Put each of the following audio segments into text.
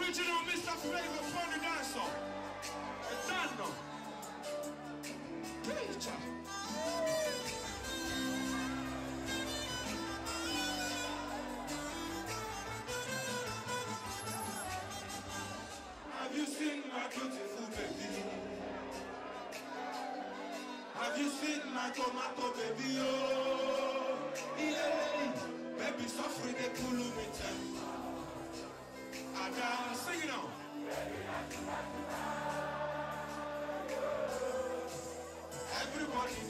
Original Mr. Flavor from the Have you seen my beautiful baby? Have you seen my tomato baby? Oh, yeah. baby, so Everybody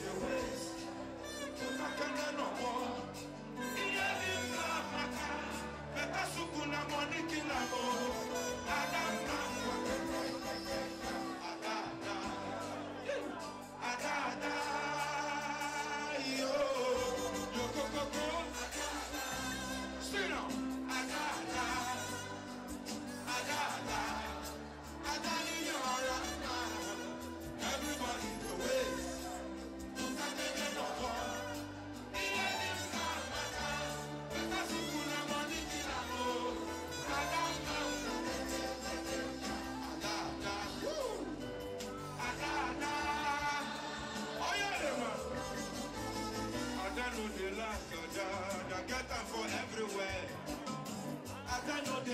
the ways, to no more.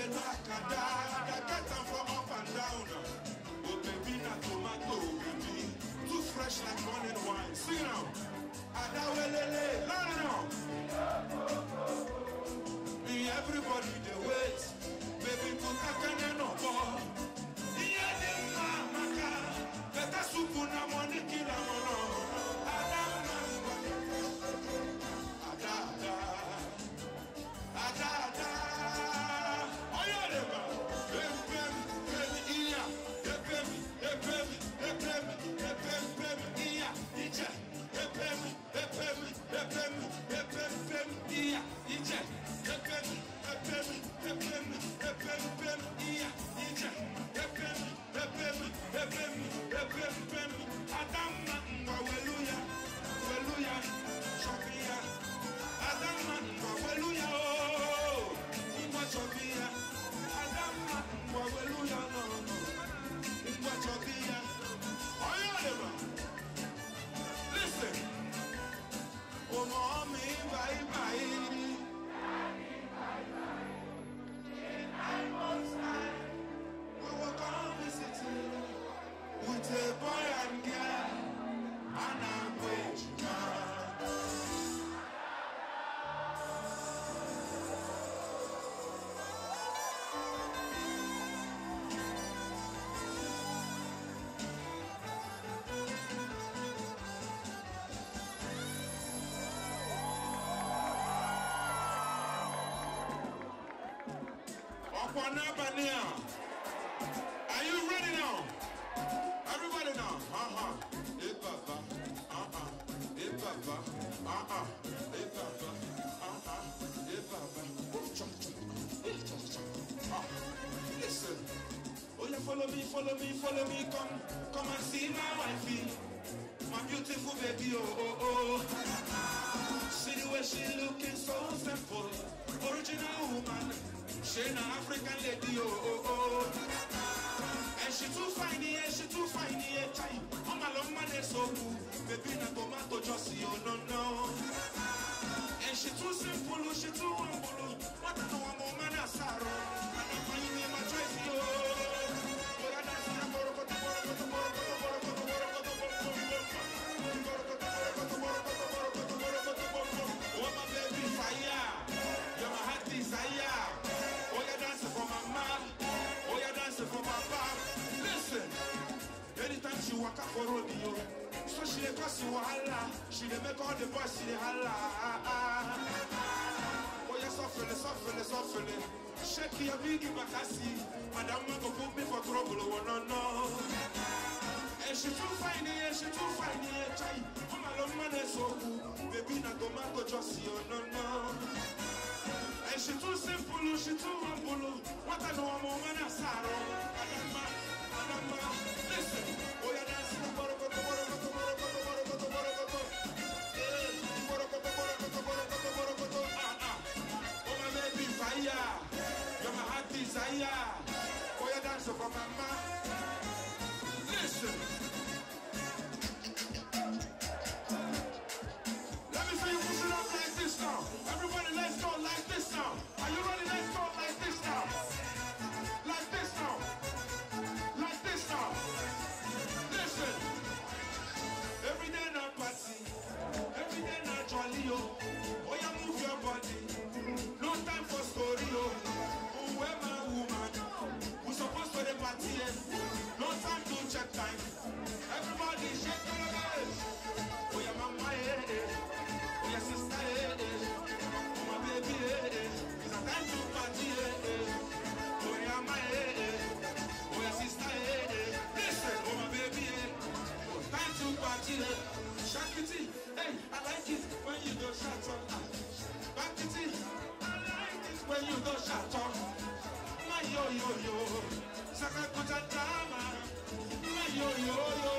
die. for n'abalị Are you ready now? Everybody now. Uh-huh. Hey, Papa. Uh-huh. Hey, Papa. Uh-huh. Hey, Papa. Uh-huh. Hey, Papa. Oh, chum, chum. Hey, chum, chum. Ah. Listen. Oh, yeah, follow me, follow me, follow me. Come, come and see my wifey. My beautiful baby, oh, oh, oh. See the way she looking so simple. Original woman. ṣe na african lady o oh, o oh, o oh. ẹṣi tún fàìn ni ẹṣi tún fàìn ni ẹ chai ọmọ àlọ mmanẹ sọkù bèbí na tomato jọsí ọ̀nàna ẹṣi tún simple ṣi tún wọ́n bolo wọ́n tẹ̀lé wọn mọ̀ ọmọ náà sàrọ̀. waka for road yo. So she dey cause you wahala. She dey make all the boys Oh Shake your bakasi. Madam no go put me for trouble, oh no no. And eh, she too fine, yeah, she too fine, yeah, chai. Come along, man, so Baby, na just see, oh no no. And eh, she too simple, oh, she too humble. Oh. Listen. yo yo, saca cucha chama, yo yo yo.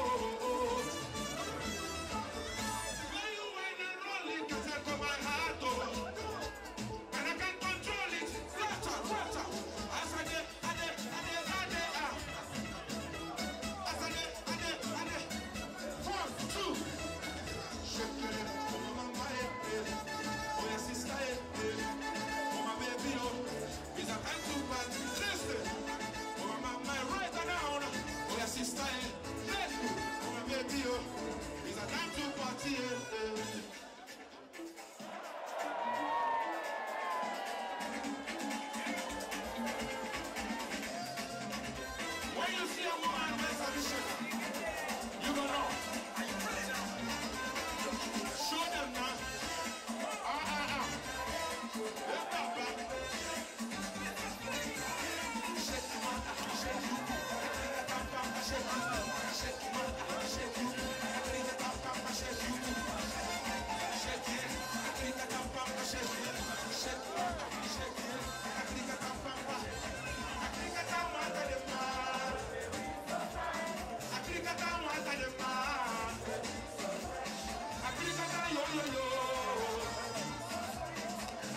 Africa, yo yo yo.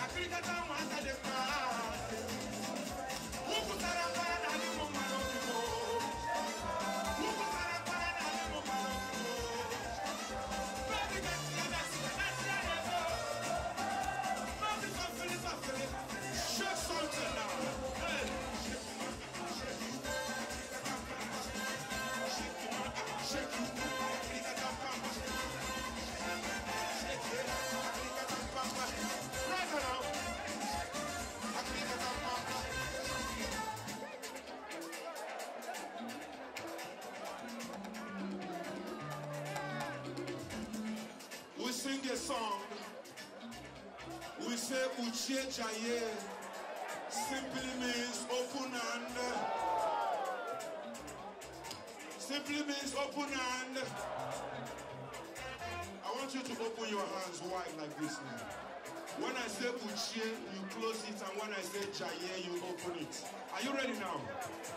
Africa, We say Uche Jaye simply means open hand. Simply means open hand. I want you to open your hands wide like this now. When I say Uche, you close it, and when I say Jaye, you open it. Are you ready now?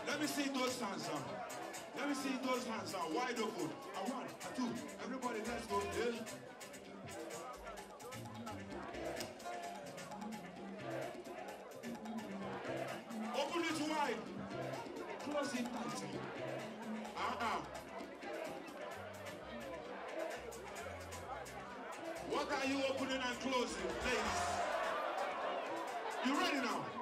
Let me see those hands now. Let me see those hands now, wide open. A one, a two. Everybody, let's go. Yeah. Uh-uh. What are you opening and closing, ladies? You ready now?